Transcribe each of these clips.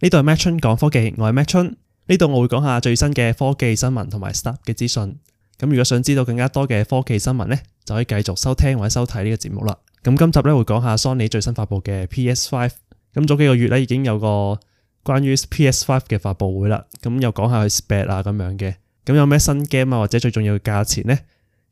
呢度係麥春講科技，我係麥春。呢度我會講下最新嘅科技新聞同埋 stuff 嘅資訊。咁如果想知道更加多嘅科技新聞咧，就可以繼續收聽或者收睇呢個節目啦。咁今集咧會講下 Sony 最新發佈嘅 PS5。咁早幾個月咧已經有個關於 PS5 嘅發佈會啦。咁又講下佢 spec 啊咁樣嘅。咁有咩新 game 啊或者最重要嘅價錢咧？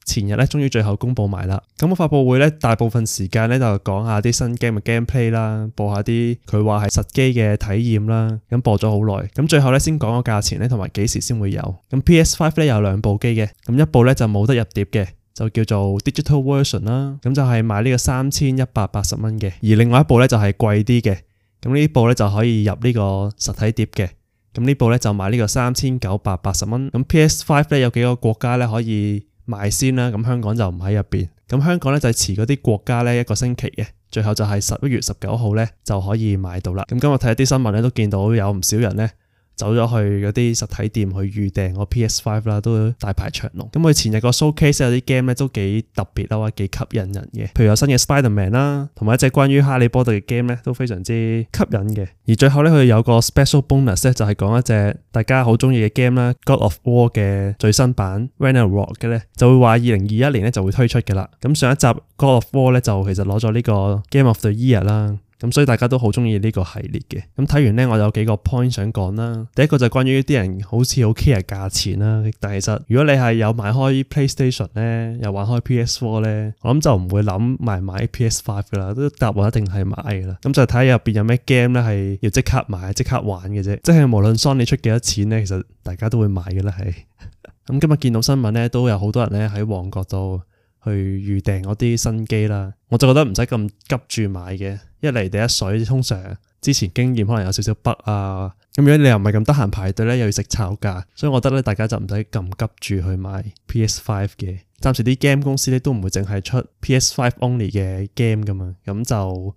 前日咧，終於最後公布埋啦。咁我發布會咧，大部分時間咧就講下啲新 game 嘅 gameplay 啦，播下啲佢話係實機嘅體驗啦。咁播咗好耐，咁最後咧先講個價錢咧，同埋幾時先會有。咁 PS5 咧有兩部機嘅，咁一部咧就冇得入碟嘅，就叫做 Digital Version 啦。咁就係買呢個三千一百八十蚊嘅，而另外一部咧就係貴啲嘅。咁呢部咧就可以入呢個實體碟嘅。咁呢部咧就買個呢個三千九百八十蚊。咁 PS5 咧有幾個國家咧可以？先賣先啦，咁香港就唔喺入邊，咁香港咧就係遲嗰啲國家咧一個星期嘅，最後就係十一月十九號咧就可以買到啦。咁今日睇一啲新聞咧，都見到有唔少人咧。走咗去嗰啲實體店去預訂個 PS Five 啦，都大排長龍。咁、嗯、佢前日個 Showcase 有啲 game 咧，都幾特別啦，幾吸引人嘅。譬如有新嘅 Spider Man 啦，同埋一隻關於哈利波特嘅 game 咧，都非常之吸引嘅。而最後咧，佢有個 Special Bonus 咧，就係、是、講一隻大家好中意嘅 game 啦，《God of War》嘅最新版《Ragnarok》嘅咧，就會話二零二一年咧就會推出嘅啦。咁上一集《God of War》咧就其實攞咗呢個 Game of the Year 啦。咁所以大家都好中意呢個系列嘅。咁睇完呢，我有幾個 point 想講啦。第一個就係關於啲人好似好 care 價錢啦，但係其實如果你係有買開 PlayStation 咧，又玩開 PS4 咧，我諗就唔會諗買唔買 PS5 噶啦，都答案一定係買噶啦。咁就睇下入邊有咩 game 咧係要即刻買、即刻玩嘅啫。即係無論 Sony 出幾多錢咧，其實大家都會買嘅啦。係咁今日見到新聞咧，都有好多人咧喺旺角度去預訂嗰啲新機啦。我就覺得唔使咁急住買嘅。一嚟第一水，通常之前經驗可能有少少北啊，咁樣你又唔係咁得閒排隊咧，又要食炒價，所以我覺得咧，大家就唔使咁急住去買 PS Five 嘅。暫時啲 game 公司咧都唔會淨係出 PS Five Only 嘅 game 㗎嘛，咁就。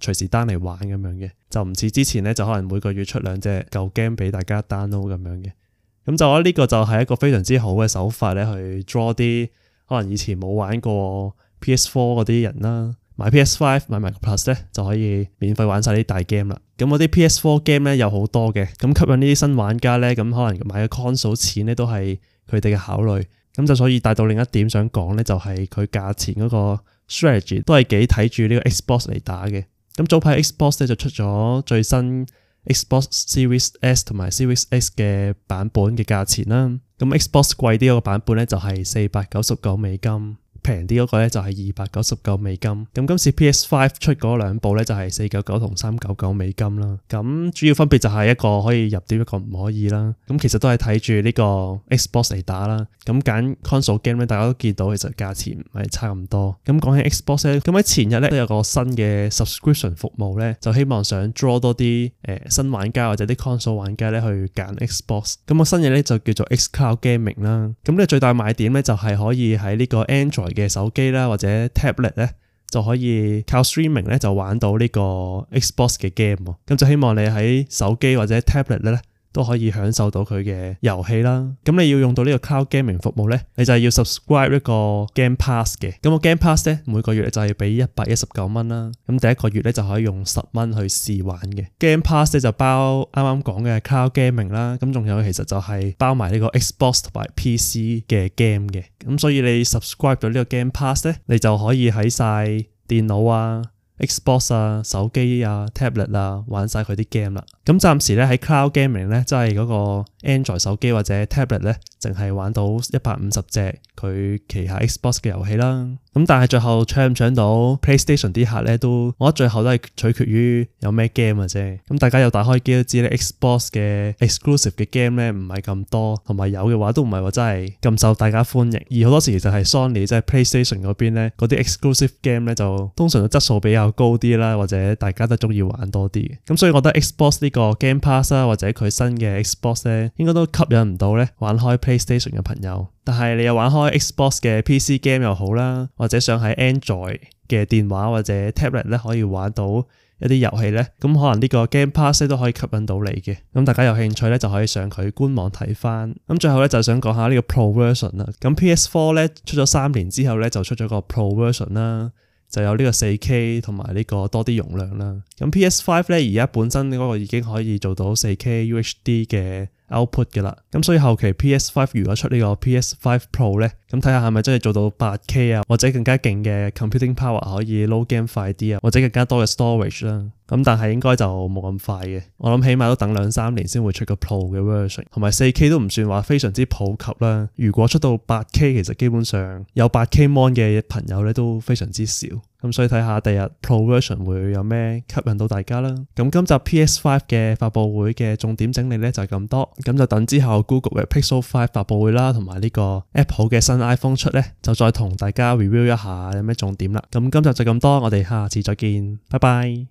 隨時 down 嚟玩咁樣嘅，就唔似之前咧，就可能每個月出兩隻舊 game 俾大家 download 咁樣嘅。咁就我覺得呢個就係一個非常之好嘅手法咧，去 draw 啲可能以前冇玩過 PS Four 嗰啲人啦，買 PS Five 買埋個 Plus 咧就可以免費玩曬啲大 game 啦。咁嗰啲 PS Four game 咧有好多嘅，咁吸引呢啲新玩家咧，咁可能買個 console 錢咧都係佢哋嘅考慮。咁就所以帶到另一點想講咧，就係、是、佢價錢嗰個 strategy 都係幾睇住呢個 Xbox 嚟打嘅。咁早排 Xbox 咧就出咗最新 Xbox Series S 同埋 Series X 嘅版本嘅價錢啦。咁 Xbox 貴啲嘅版本咧就係四百九十九美金。平啲嗰個咧就係二百九十九美金，咁今次 PS Five 出嗰兩部咧就係四九九同三九九美金啦。咁主要分別就係一個可以入碟，一個唔可以啦。咁其實都係睇住呢個 Xbox 嚟打啦。咁揀 console game 咧，大家都見到其實價錢唔係差咁多。咁講起 Xbox 咧，咁喺前日咧都有個新嘅 subscription 服務咧，就希望想 draw 多啲誒、呃、新玩家或者啲 console 玩家咧去揀 Xbox。咁個新嘢咧就叫做 X Cloud Gaming 啦。咁呢最大賣點咧就係可以喺呢個 Android。嘅手機啦，或者 tablet 咧，就可以靠 streaming 咧就玩到呢個 Xbox 嘅 game，咁就希望你喺手機或者 tablet 咧，都可以享受到佢嘅遊戲啦。咁你要用到呢個 Cloud Gaming 服務呢，你就係要 subscribe 一個 Game Pass 嘅。咁個 Game Pass 呢，每個月就係俾一百一十九蚊啦。咁第一個月呢，就可以用十蚊去試玩嘅。Game Pass 呢，就包啱啱講嘅 Cloud Gaming 啦。咁仲有其實就係包埋呢個 Xbox 同埋 PC 嘅 game 嘅。咁所以你 subscribe 到呢個 Game Pass 呢，你就可以喺晒電腦啊、Xbox 啊、手機啊、tablet 啊玩晒佢啲 game 啦。咁暫時咧喺 Cloud Gaming 咧，即係嗰個 Android 手機或者 Tablet 咧，淨係玩到一百五十隻佢旗下 Xbox 嘅遊戲啦。咁但係最後搶唔搶到 PlayStation 啲客咧都，我覺得最後都係取決於有咩 game 嘅啫。咁大家有打開機都知咧，Xbox 嘅 exclusive 嘅 game 咧唔係咁多，同埋有嘅話都唔係話真係咁受大家歡迎。而好多時就係 Sony 即係 PlayStation 嗰邊咧，嗰啲 exclusive game 咧就通常都質素比較高啲啦，或者大家都中意玩多啲。咁所以我覺得 Xbox 呢個個 Game Pass 啊，或者佢新嘅 Xbox 咧，應該都吸引唔到咧玩開 PlayStation 嘅朋友。但係你又玩開 Xbox 嘅 PC game 又好啦，或者想喺 Android 嘅電話或者 tablet 咧可以玩到一啲遊戲咧，咁、嗯、可能呢個 Game Pass 咧都可以吸引到你嘅。咁、嗯、大家有興趣咧就可以上佢官網睇翻。咁、嗯、最後咧就想講下呢個 Pro Version 啦。咁、嗯、PS4 咧出咗三年之後咧就出咗個 Pro Version 啦。就有呢個 4K 同埋呢個多啲容量啦。咁 PS5 咧，而家本身嗰個已經可以做到 4K UHD 嘅。output 嘅啦，咁所以後期 PS5 如果出呢個 PS5 Pro 咧，咁睇下係咪真係做到八 K 啊，或者更加勁嘅 computing power 可以 load game 快啲啊，或者更加多嘅 storage 啦，咁但係應該就冇咁快嘅，我諗起碼都等兩三年先會出個 Pro 嘅 version，同埋四 K 都唔算話非常之普及啦，如果出到八 K 其實基本上有八 K Mon 嘅朋友咧都非常之少。咁所以睇下第日 Pro Version 會有咩吸引到大家啦。咁今集 PS5 嘅發佈會嘅重點整理呢就係咁多，咁就等之後 Google 嘅 Pixel 5發佈會啦，同埋呢個 Apple 嘅新 iPhone 出呢，就再同大家 review 一下有咩重點啦。咁今集就咁多，我哋下次再見，拜拜。